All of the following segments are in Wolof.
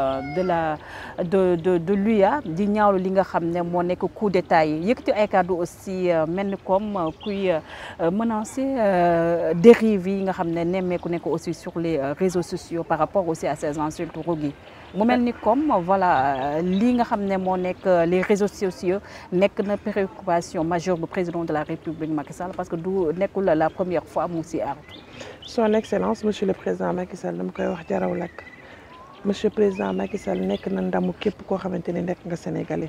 Euh, de la de de de l'UA e di ñaawlu li nga xam ne moo nekk coup d'état yi yëkkati ay kàddu aussi euh, mel ni comme euh, kuy menacer dérive yi nga xam ne nemmeeku nekk aussi sur les réseaux sociaux par rapport aussi à ces insultes rougis mu mel ni comme voilà lii nga xam ne moo nekk les réseaux sociaux nekk na préoccupation majeure bu président de la République Macky Sall parce que du nekkul la première fois mu si artu son excellence monsieur le président Macky Sall dama koy wax jaraw lakk monsieur président Macky Sall nekk na ndamu képp koo xamante ni nekk nga sénégalais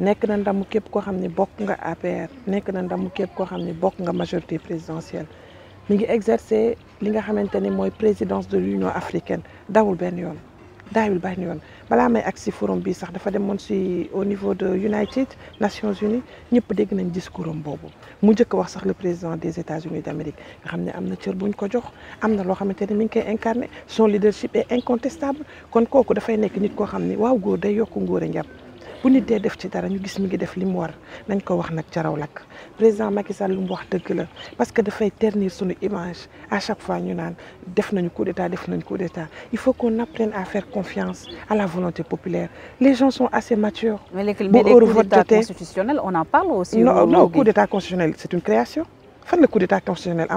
nekk na ndamu képp koo xam ni bokk nga APR nekk na ndamu képp koo xam ni bokk nga majorité présidentielle mi ngi exercer li nga xamante ni mooy présidence de l'Union africaine dawul benn yoon. daawil benn yoon balaa may agsi forum bi sax dafa demoon si au niveau de United Nations Unies ñëpp dégg nañ discours am boobu mu njëkk wax sax le président des États-Unis d'Amérique nga xam ne am na cër buñ ko jox am na loo xamante ne mi ngi koy incarné son leadership est incontestable kon kooku dafay nekk nit koo xam ni waaw góor day yokk ngóor njam bu nit dee def ci dara ñu gis mi ngi def li mu war nañ ko wax nag jaraw lakk président Macky Sall lu wax dëgg la parce que dafay ternir suñu image à chaque fois ñu naan def nañu coup d'état def nañu coup d'état il faut qu'on apprenne à faire confiance à la volonté populaire les gens sont assez matures. mais les coups d'état constitutionnels on en parle aussi. non coup d'état constitutionnel c'est une création fan la coup d'état constitutionnel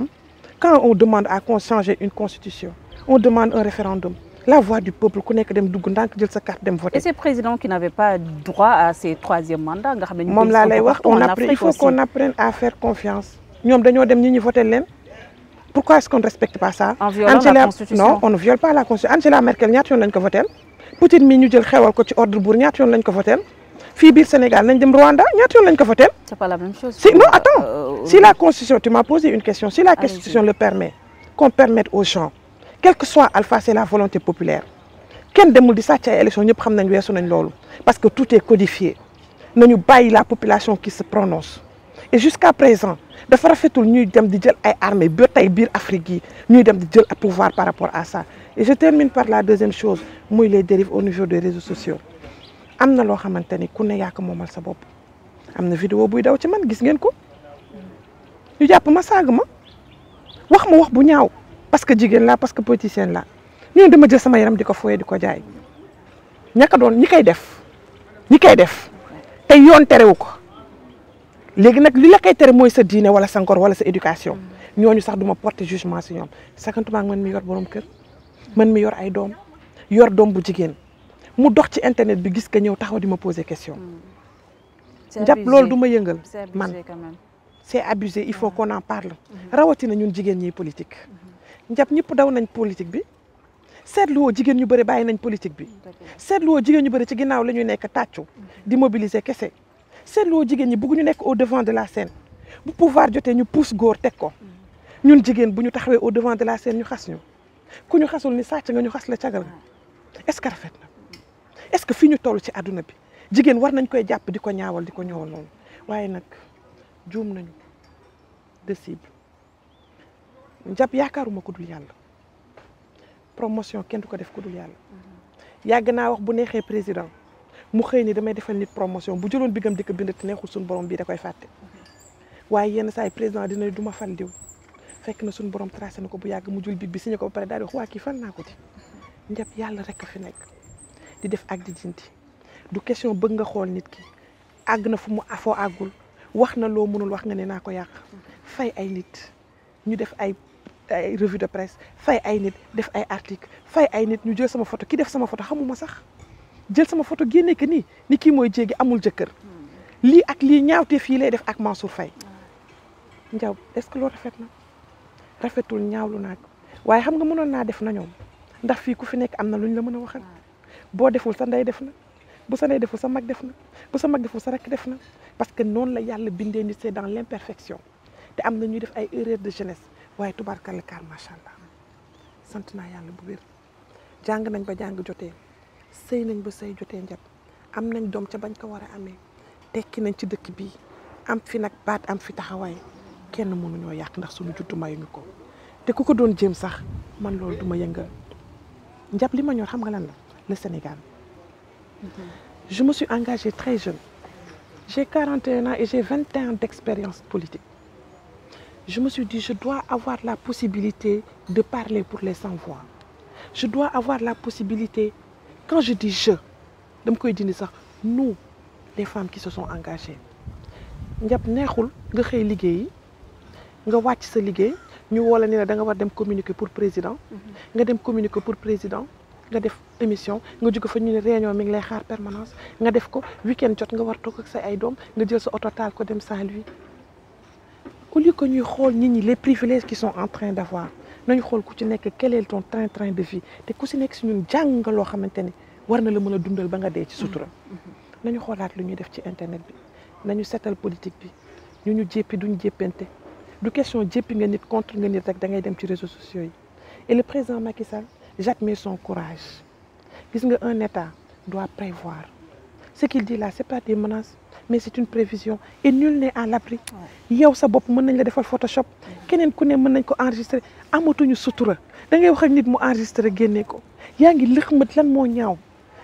quand on demande à changer une constitution on demande un référendum. la voix du peuple ku nekk dem dugg ndànk jël sa carte dem voter. et ces présidents qui n'avaient wax il faut qu'on apprenne à faire confiance. ñoom dañoo dem ñi ñu voté leen pourquoi est-ce qu'on ne respecte pas ça. Angela... Merkel ñaata yoon lañ ko voté. Poutine mii ñu jël xewal ko ci ordre bourg ñaata yoon lañ ko voté. fii biir Sénégal nañ dem Rwanda ñaata yoon lañ ko voté. c'est attends euh, si la constitution tu m'as posé une question si la constitution le permet qu'on permette aux gens quel que soit Alpha c'est la volonté populaire kenn demul di sàcc ay élection ñëpp xam nañ weesu nañ loolu parce que tout est codifié nañu bàyyi la population qui se prononce et jusqu'à présent dafa rafetul ñuy dem di jël ay armée ba ay biir Afrique yi ñuy dem di jël pouvoir par rapport à ça et je termine par la deuxième chose muy les dérives au niveau des réseaux sociaux am na loo xamante ni ku ne yaa moom moomal sa bopp am na vidéo buy daw ci man gis ngeen ko ñu jàpp ma saag ma wax wax bu ñaaw parce que jigéen laa parce que politicienne laa ñun dama jël sama yaram di ko fooyee di ko jaay ñaka doon ñi koy def ñi koy def te yoon terewu ko léegi nag li la koy tere mooy sa diine wala sa ngor wala sa éducation ñooñu sax duma porter jugement si ñoom sakantuma ak man mi yor borom kër man mi yor ay doom yor doom bu jigéen mu dox ci internet bi gis ka ñëw taxaw di ma poser question hmm. jàpp loolu du ma yëngal man c'est abusé il faut hmm. qu'on en parle hmm. rawatina ñun jigéen ñi politique njab ñëpp daw nañ politique bi seetluwoo jigéen ñu bëri bàyyi nañ politique bi seetluwoo jigéen ñu bëri ci ginnaaw la ñuy nekk tàccu di mobiliser kese seetluwoo jigéen ñi bëgg ñu nekk au vant de la scène bu pouvoir jotee ñu pousse góor teg ko ñun jigéen bu ñu taxawee au devant de la scène ñu xas ñu ku ñu xasul ni sàcc nga ñu xas la cagal nga est-ce que rafet est-ce que fii ñu toll ci àdduna bi jigéen war nañ koy jàpp di ko ñaawal di ko ñëwal loolu waaye nag juum nañu de njab yaakaaruma ko dul yàlla promotion kenn du ko def ko dul yàlla yàgg naa wax bu neexee président mu xëy ni damay defal nit promotion bu jëloon bigam di ko bind te neexul suñu borom bi da koy fàtte waaye yenn saa yi président dina du ma fal diw fekk na suñu borom tracé na ko bu yàgg mu jul big bi signé ko ba pare daal di wax waa kii fal naa ko ci njab yàlla rek a fi nekk di def ak di jinti du question bëgg nga xool nit ki àgg na fu mu afoo àggul wax na loo mënul wax nga ne naa ko yàq fay ay nit ñu def ay ay revue de presse fay ay nit def ay article fay nit ñu jël sama photo ki def sama photo xamuma sax jël sama photo génne que nii ni kii mooy jéegi amul jëkkër lii ak lii ñaawte fii lay def ak Mansour fay njaw est-ce que loolu rafet na rafetul ñaawlu naa ko waaye xam nga mënoon naa def na ñoom ndax fii ku fi nekk am na lu ñu la mën a waxal boo deful sa ndey def na bu sa ndey deful sa mag def na bu sa mag deful sa rakk def na parce que noonu la yàlla bindee nit c'est dans l'imperfection te am na ñuy def ay erreurs de jeunesse waaye tubaarkalla kaar macha allah sant naa yàlla bu wér jàng nañ ba jàng jotee sëy nañ ba sëy jotee njab am nañ doom ca bañ ko war a amee tekki nañ ci dëkk bi am fi nag baat am fi taxawaay kenn mënuñoo yàq ndax suñu juddu mayuñu ko te ku ko doon jëm sax man loolu duma yëngal njab li ma ñor xam nga lan la le Sénégal mm-hmm. je me suis engagée très jeune j'ai 41 ans et j'ai 21 ans d'expérience politique je me suis dit, je dois avoir la possibilité de parler pour les sans-voix. Je dois avoir la possibilité, quand je dis je, de me dire ça, nous, les femmes qui se sont engagées. ñëpp neexul nga xëy liggéeyi nga wàcc sa liggéey ñu woo la ne la da nga war dem communiquer pour président. nga dem communiquer pour président nga def émission nga jóge fa ñu ne réunion mi ngi lay xaar permanence nga def ko week jot nga war toog ak sa ay doom nga jël sa oto taal ko dem Saint-Louis. au lieu que ñuy xool nit ñi les privilèges qu'ils sont en train d'avoir nañu xool ku ci nekk quel ton train train de vie te ku si nekk si ñun jàng loo xamante ni war na la mën a dundal ba nga dee ci sutura nañu xoolaat lu ñuy def ci internet bi nañu seetal politique bi ñu ñu jéppi duñ jéppante du question jéppi nga nit contre nga nit rek dangay dem ci réseaux sociaux yi et le président Macky Sall j'admire son courage gis nga un état doit prévoir ce qu'il dit là c'est pas des menaces mais c'est une prévision et nul n'est à l'abri yow sa bopp mën nañ la defal photoshop keneen ku ne mën nañ ko enregistrer amatuñu sutura da ngay wax ak nit mu enregistrer génnee ko yaa ngi lëxmat lan moo ñaaw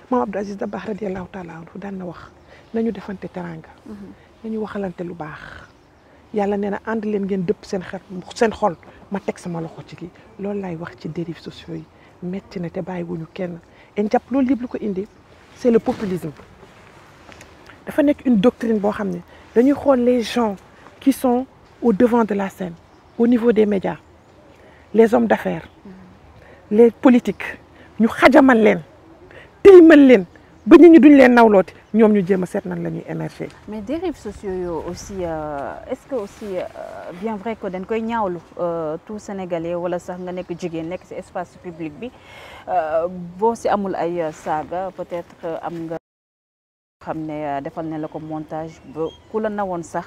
maam Abdou Aziz Dabakh radiyallahu taala anhu daan na wax nañu defante teranga nañu waxalante lu baax yàlla nee na ànd leen ngeen dëpp seen xel seen xol ma teg sama loxo ci loolu laay wax ci dérives sociaux yi metti na te bàyyi kenn en jàpp loolu yëpp lu ko indi c'est le populisme fa nekk une doctrine boo xam ne dañuy xool les gens qui son au devant de la scène au niveau des médias les hommes d'affaires les politiques ñu xajamal leen tilimal leen ba nit ñi duñ leen nawlooti ñoom ñu jéem a seet nan la ñuy émerger. mais dérives sociaux yooyu aussi euh, est-ce que aussi euh, bien vrai que dañ koy ñaawlu euh, tout sénégalais wala sax nga nekk jigéen nekk si espace public bi boo si amul ay saaga peut-être amul nga. xam ne euh, defal ne la ko montage ba ku la nawoon sax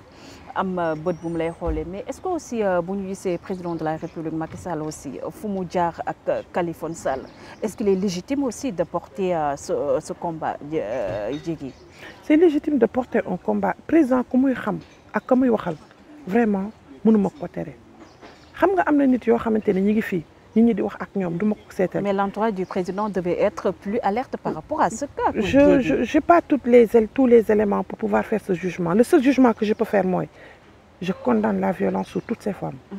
am euh, bët bu mu lay xoolee mais est-ce que aussi euh, bu ñu gisee président de la République Macky Sall aussi fu mu jaar ak kalifon Sall est-ce qu'il est légitime aussi de porter ce ce combat Diegui c'est légitime de porter un combat président ku muy xam ak ku muy waxal vraiment munu ko tere xam nga am na nit yoo xamante ne ñi ngi fii nit ñi di wax ak ñoom du ma ko seetal. mais l'entourage du président devait être plus alerte par rapport à ce cas. je pas les tous les éléments pour pouvoir faire ce jugement le seul jugement que je peux faire mooy je condamne la violence sous toutes ses formes. Mmh.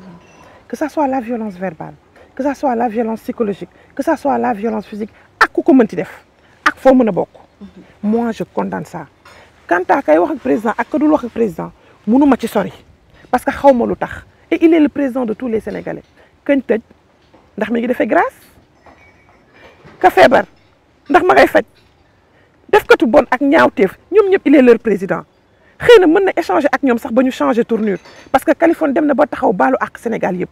que ça soit la violence verbale que ça soit la violence psychologique que ça soit la violence physique ak ku ko mënti def ak foo mën a bokk. Mhm. moi je condamne ça. quant à kay wax président ak ka dul wax président mënu ci sori parce que xaw ma lu tax et le président de tous les sénégalais kañ ndax mi ngi defee grâce ka feebar ndax ma ngay faj defkatu bon ak teef ñoom ñëpp il est leur président xëy na mën na échangé ak ñoom sax ba ñu changé tournure parce que Kaliphone dem na ba taxaw baalu ak Sénégal yëpp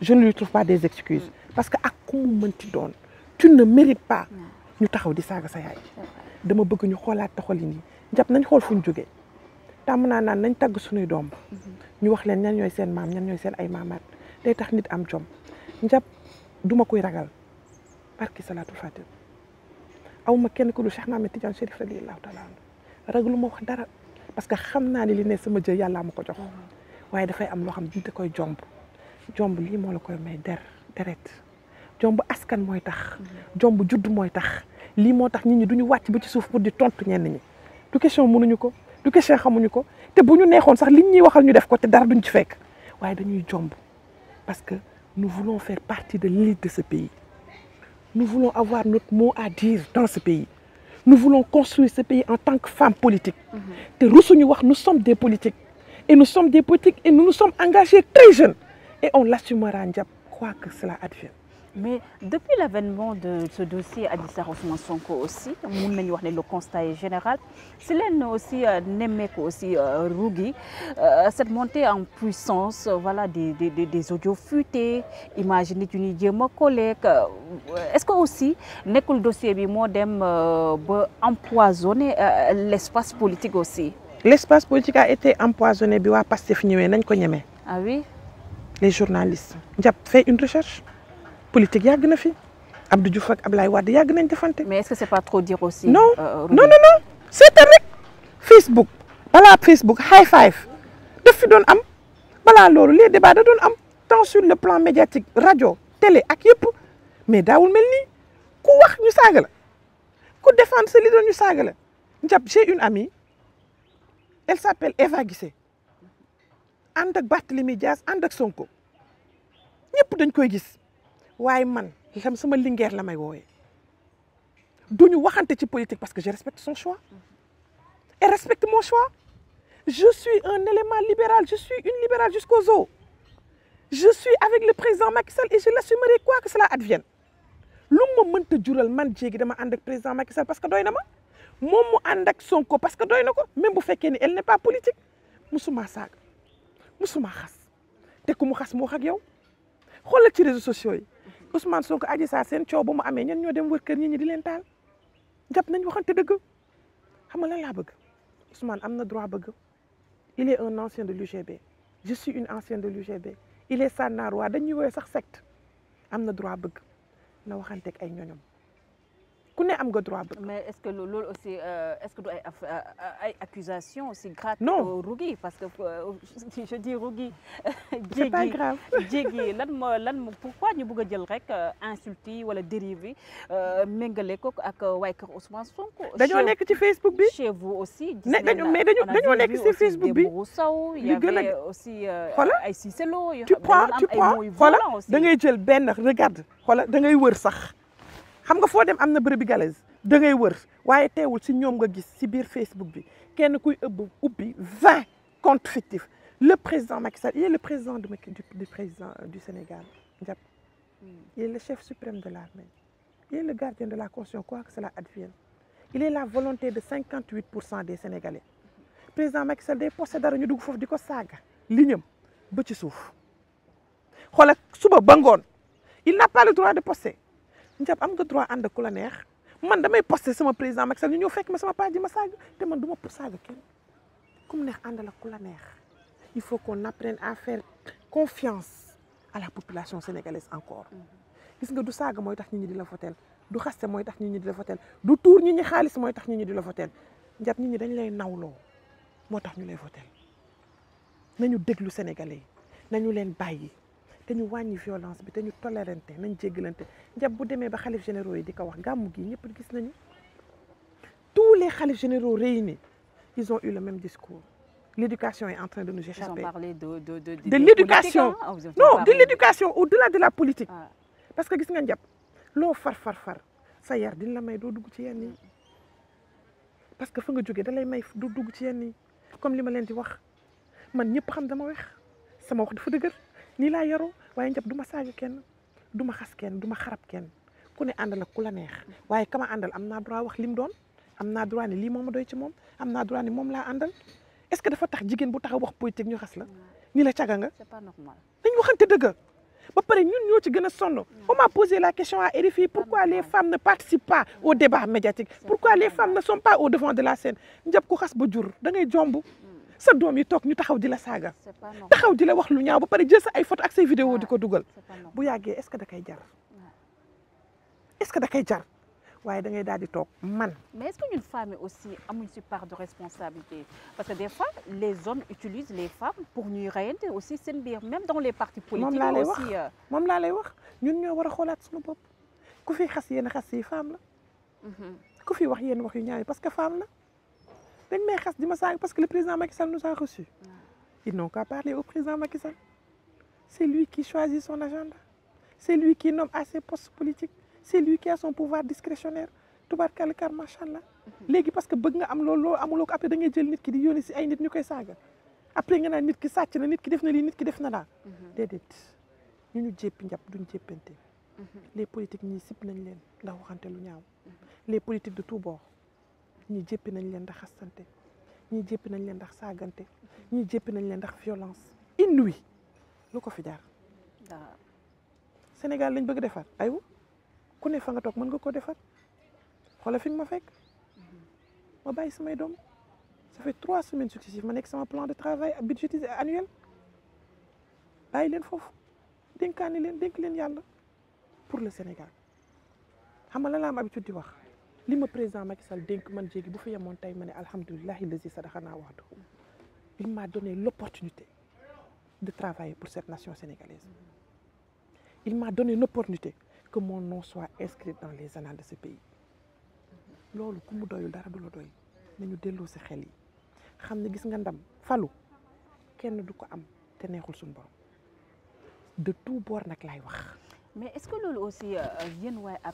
je ne lui trouve pas des excuses parce que ak ku mu mënti doon tu ne mérites pas ñu taxaw di saaga sa yaay dama bëgg ñu xoolaat taxalin yi njab nañ xool fu ñu jógee tàmm naa naan nañ tagg suñuy doom ñu wax leen ñan ñooy seen maam ñan ñooy seen ay maamaat day tax nit am jom njab duma koy ragal barki salaatul fatir aw ma kenn ku dul Cheikh Ahmed Tidiane Chérif radiyallahu taala rag lu ma wax dara parce que xam naa ni li ne sama jë yàllaa ma ko jox waaye dafay am loo xam ne da koy jomb jomb lii moo la koy may der deret jomb askan mooy tax jomb judd mooy tax lii moo tax nit ñi du ñu wàcc ba ci suuf pour di tontu ñenn ñi du question mënuñu ko du question xamuñu ko te bu ñu neexoon sax liñ ñuy waxal ñu def ko te dara duñ ci fekk waaye dañuy jomb parce que Nous voulons faire partie de l'élite de ce pays. Nous voulons avoir notre mot à dire dans ce pays. Nous voulons construire ce pays en tant que femmes politiques. Mhm. te sommes des politiques. Et nous sommes des politiques et nous nous sommes engagés très jeunes. Et on l'assumera, quoi que cela advienne. mais depuis l' avènement de ce dossier Adji Sarr Ousmane Sonko aussi mun nañu wax ne le constat est général si leen aussi euh, nemmeeku aussi euh, ruugi euh, cette montée en puissance voilà des des des audios fuités image nit yu ñuy jéem a collecte est ce que aussi nekkul dossier bi moo dem ba empoisonner l' espace politique aussi. l' espace politique a été empoisonné bi waa Pastef ñëwee nañ ko ñemee. ah oui. les journalistes. Ndiab fait une recherche. politique yàgg na fi Abdou Diouf ak Ablaye Wade yàgg nañ defante. mais est-ce que c'est pas trop dire aussi. non euh, non non seetal rek Facebook balaa Facebook high five daf doon am balaa loolu les débats da doon am tant sur le plan médiatique rajo télé ak yëpp mais daawul mel nii ku wax ñu saaga la ku défendre sa leader ñu saaga la njab j'ai une amie elle s'appelle Eva Guissé ànd ak Barthélémy Dias ànd ak Sonko ñëpp dañ koy gis. waaye man xam sama lingeer la may wooyee duñu waxante ci politique parce que je respecte son choix et respecte mon choix je suis un élément libéral je suis une libérale jusqu'aux os je suis avec le président Macky Sall et je l'assumerai quoi que cela advienne lu ma mënta jural man jéegi dama ànd président Macky Sall parce que doy na ma moom mu ànd ak Sonko parce que doy na ko même bu fekkee ni elle n'est pas politique musuma saaga musuma xas te ku mu xas mu ak yow xoolal ci réseaux sociaux yi Ousmane Sonko Adji Sarr seen coow bu mu amee ñen ñoo dem wër kër ñi ñi di leen taal jàpp nañ waxante dëgg xam nga lan laa bëgg Ousmane am na droit bëgg il est un ancien de l'UGB je suis une ancienne de l'UGB il est Sanaar waa dañuy woowee sax sect am na droit bëgg na waxanteeg ay ñoñom ku ne am nga droit mais est-ce que loolu aussi euh, est-ce que du ay euh, ay accusation aussi grave non Rougui parce que euh, je dis Rougui c'est pas grave Diegui lan moo lan pourquoi ñu bëgg a jël rek insulte yi wala dérive yi méngale ko ak waay kër Ousmane Sonko dañoo nekk ci Facebook bi chez vous aussi mais dañoo nekk ci Facebook bi Sow il y avait aussi ay Cissé Lo tu prends tu prends voilà da ngay jël benn regarde voilà da ngay wër sax xam nga foo dem am na bërëbi galaise da ngay wër waaye teewul si ñoom nga gis si biir Facebook bi kenn kuy ëbb ubbi vingt comptes fictifs le président Macky Sall il est le président du président euh, du Sénégal njab hmm. il est le chef suprême de l'armée il est le gardien de la constitution quoi que cela advienne il est la volonté de cinquante huit pour cent des Sénégalais président Macky Sall day posté dara ñu dugg foofu di ko saaga li ñëm ba ci suuf xoolal suba ba ngoon il n'a pas le droit de poster njab am nga droit ànd ak ku la neex man damay posté sama président Macky Sall ñu ñëw fekk ma sama page ji ma saaga te man du ma saaga kenn ku mu neex àndal ak ku la neex il faut qu'on apprenne à faire confiance à la population sénégalaise encore gis nga du saaga mooy tax nit ñi di la foteel du xaste mooy tax nit ñi di la foteel du tuur nit ñi xaalis mooy tax nit ñi di la foteel njab nit ñi dañ lay nawloo moo tax ñu lay foteel nañu déglu sénégalais yi nañu leen bàyyi te ñu wàññi violence bi te ñu tolérante nañ jéggalante njab bu demee ba xalif généraux yi di ko wax gàmmu gi ñëpp gis nañu tous les xalif généraux réunis ils ont eu le même discours l'éducation est en train de nous échapper. Ils de, de, de, de, de l'éducation. Hein, non, de l'éducation au-delà de la politique. Ah. Parce que, gis vous voyez, loo far far far, ça la may doo n'y a pas de Parce que quand nga es da lay may a pas de Comme je l'ai dit, moi, je ne sais pas si je suis là. Je ne sais pas si je suis là. waaye njab du ma saaga kenn du ma xas kenn du ma xarab kenn ku ne àndal ak ku la neex waaye kama andal am naa droit wax lim doon am naa droit ne lii moom ma doy ci moom am naa droit ne moom laa àndal est-ce que dafa tax jigéen bu taxaw wax politique ñu xas la ni la caga nga nañ waxante dëgg ba pare ñun ñoo ci gën a sonn on m'a posé la question à RFI pourquoi les femmes ne participent pas au débat médiatique pourquoi les femmes ne sont pas au devant de la scène njab ku xas ba jur da ngay jomb sa doom yi toog ñu taxaw di la saaga taxaw di la wax lu ñaaw ba pare jël sa ay photo ak say vidéo di ko dugal bu yàggee est-ce que da koy jar est-ce que da koy jar waaye da ngay daal di toog man. mais est-ce que aussi amuñ si part de responsabilité parce que des les hommes utilisent les femmes pour ñuy rayante aussi seen biir même dans les partis politiques. moom laa lay wax euh. moom laa lay wax ñun ñoo war a xoolaat suñu bopp ku fi xas yenn xas yi femme la. Mm-hmm. ku fi wax yenn wax yu ñaaw yi parce que femme la. dañ may xas di ma saaga parce que le président Macky Sall nous a reçus. ils n'ont qu'à parler au président Macky Sall. c'est lui qui choisit son agenda. c'est lui qui nomme à ses postes politiques. c'est lui qui a son pouvoir discrétionnaire. tubarkalla kar macha allah. léegi parce que bëgg nga am loolu loo amuloo ko après da ngay jël nit ki di yónni si ay nit ñu koy saaga. après nga naan nit ki sàcc na nit ki def na lii nit ki def na daal. Mhm. déedéet ñu ñu jéppi njàpp duñ jéppante. Mhm. les politiques ñii sib nañ leen ndax waxante lu ñaaw. Mhm. les politiques de tout bord. ñii jéppi nañ leen ndax xastante ñii jéppi nañ leen ndax saagante ñii jéppi nañ leen ndax violence inouï lu ko fi jaar Sénégal lañ bëgg defar aywa ku ne fa nga toog mën nga ko defar xoola fi nga ma fekk mhm. ma bàyyi samay doom ça fait trois semaines successives ma nekk sama plan de travail budgétisé annuel bàyyi leen foofu dénkaani leen dénk leen yàlla pour le Sénégal xam nga la am habitude di wax li ma président Macky Sall dénk man jéegi bu fi yemoon tey ma ne alhamdulilahi lazi sadaxanaa waxtu il m'a donné l'opportunité de travailler pour cette nation sénégalaise il m'a donne l'opportunité que mon nom soit inscrit dans les annales de ce pays loolu ku mu doyul dara du la doy nañu delloo si xel yi xam ne gis nga ndam falu kenn du ko am te neexul suñu borom de tout bord nag laay wax mais est-ce que loolu aussi euh, yéen waaye